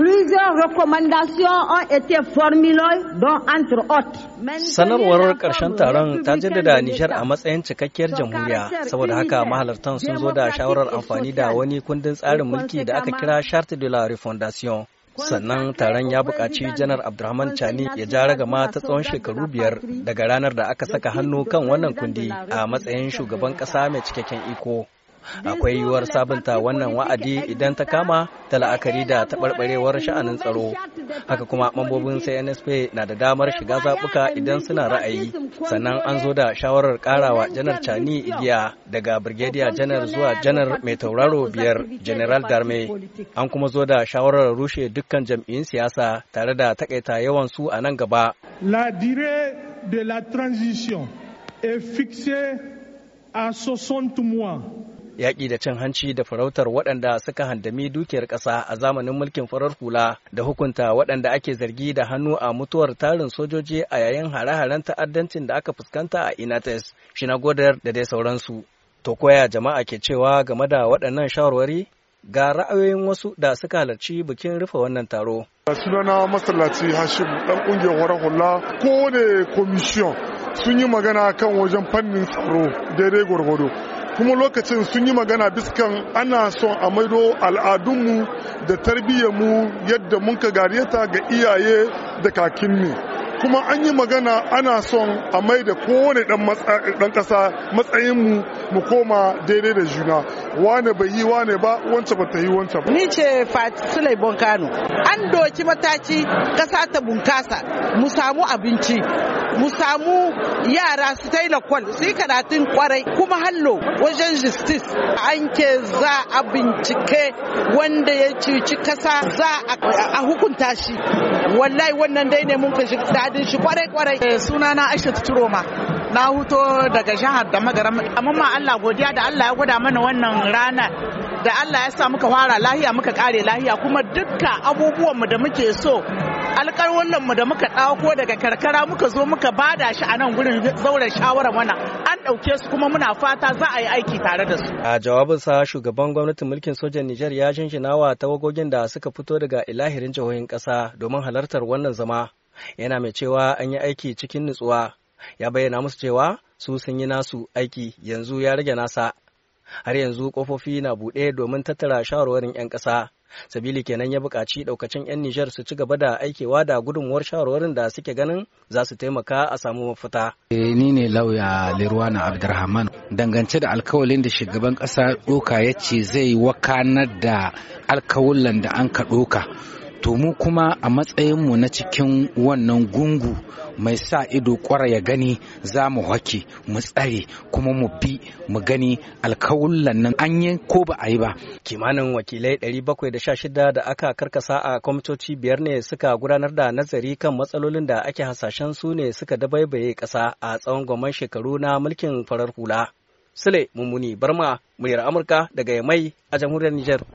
Plusieurs recommandations ont été formulées, dont entre autres. Sanarwar ƙarshen taron ta jaddada Nijar a matsayin cikakkiyar jamhuriya, saboda haka mahalartan sun zo da shawarar amfani da wani kundin tsarin mulki da aka kira Charte de la Refondation. sannan taron ya buƙaci janar abdulrahman chani ya ja ragama ta tsawon shekaru biyar daga ranar da aka saka hannu kan wannan kundi a matsayin shugaban ƙasa mai cikakken iko akwai yiwuwar sabunta wannan wa'adi idan ta kama ta la'akari da taɓarɓarewar sha'anin tsaro haka kuma mambobin cnsp na da damar shiga zaɓuka idan suna ra'ayi sannan an zo da shawarar ƙarawa janar cani igiya daga brigadier janar zuwa janar mai tauraro biyar general darme an kuma zo da shawarar rushe dukkan jam'iyyun siyasa tare da taƙaita yawan su a nan gaba la durée de la transition est fixée à 60 mois yaƙi da cin hanci da farautar waɗanda suka handami dukiyar ƙasa a zamanin mulkin farar hula da hukunta waɗanda ake zargi da hannu a mutuwar tarin sojoji a yayin hare-haren ta'addancin da aka fuskanta a inates shinagodar da dai sauransu to koya jama'a ke cewa game da waɗannan shawarwari ga ra'ayoyin wasu da suka halarci bikin rufe wannan taro. sunana masallaci hashim dan kungiyar horar hula ne komishiyon sun yi magana kan wajen fannin tsaro daidai gwargwado kuma lokacin sun yi magana biskan ana son a maido al'adunmu da tarbiyyarmu yadda mun ka gareta ga iyaye da kakinmu kuma an yi magana ana son a mai da kowane dan kasa matsayin mu mu koma daidai da juna wane bai yi wane ba wance ba ta yi wance ba ni ce Fatisule Bonkano an doki mataci kasa ta bunkasa mu samu abinci mu samu yara su yi kwal su yi karatun kwarai kuma hallo wajen justice an ke za a bincike wanda ya cuci kasa za a hukunta shi wallahi wannan dai ne mun kashi daɗin shi kwarai-kwarai. Eh, sunana Aisha Turoma. na huto daga jihar da magaram amma ma Allah godiya da Allah ya gwada mana wannan rana da Allah ya sa muka fara lahiya muka kare lahiya kuma dukkan abubuwan mu da muke so alƙarwallon mu da muka ɗauko daga karkara muka zo muka bada shi a nan gurin zauren shawarar mana an ɗauke su kuma muna fata za a yi aiki tare da su. A jawabin sa shugaban gwamnatin mulkin sojan Nijar ya shinshina wa tawagogin da suka fito daga ilahirin jihohin ƙasa domin halartar wannan zama. yana mai cewa an yi aiki cikin nutsuwa ya bayyana musu cewa su sun yi nasu aiki yanzu ya rage nasa har yanzu kofofi na buɗe domin tattara shawarwarin 'yan ƙasa sabili kenan ya buƙaci ɗaukacin 'yan nijar su ci gaba da aikewa da gudunmuwar shawarwarin da suke ganin za su taimaka a samu mafita eh, ni ne lauya lirwana abdurrahman dangance da alkawalin da shugaban ƙasa ɗoka ya ce zai wakanar da alkawulan da an ka ɗoka to mu kuma a matsayinmu na cikin wannan gungu mai sa ido kwara ya gani za mu hake mu tsare kuma mu bi mu gani alkawullan nan an yi ko ba a yi ba kimanin wakilai 716 da aka karkasa a kwamitoci biyar ne suka gudanar da nazari kan matsalolin da ake hasashen su ne suka dabaibaye kasa a tsawon gwamman shekaru na mulkin farar hula sule mummuni barma muryar amurka daga mai a jamhuriyar niger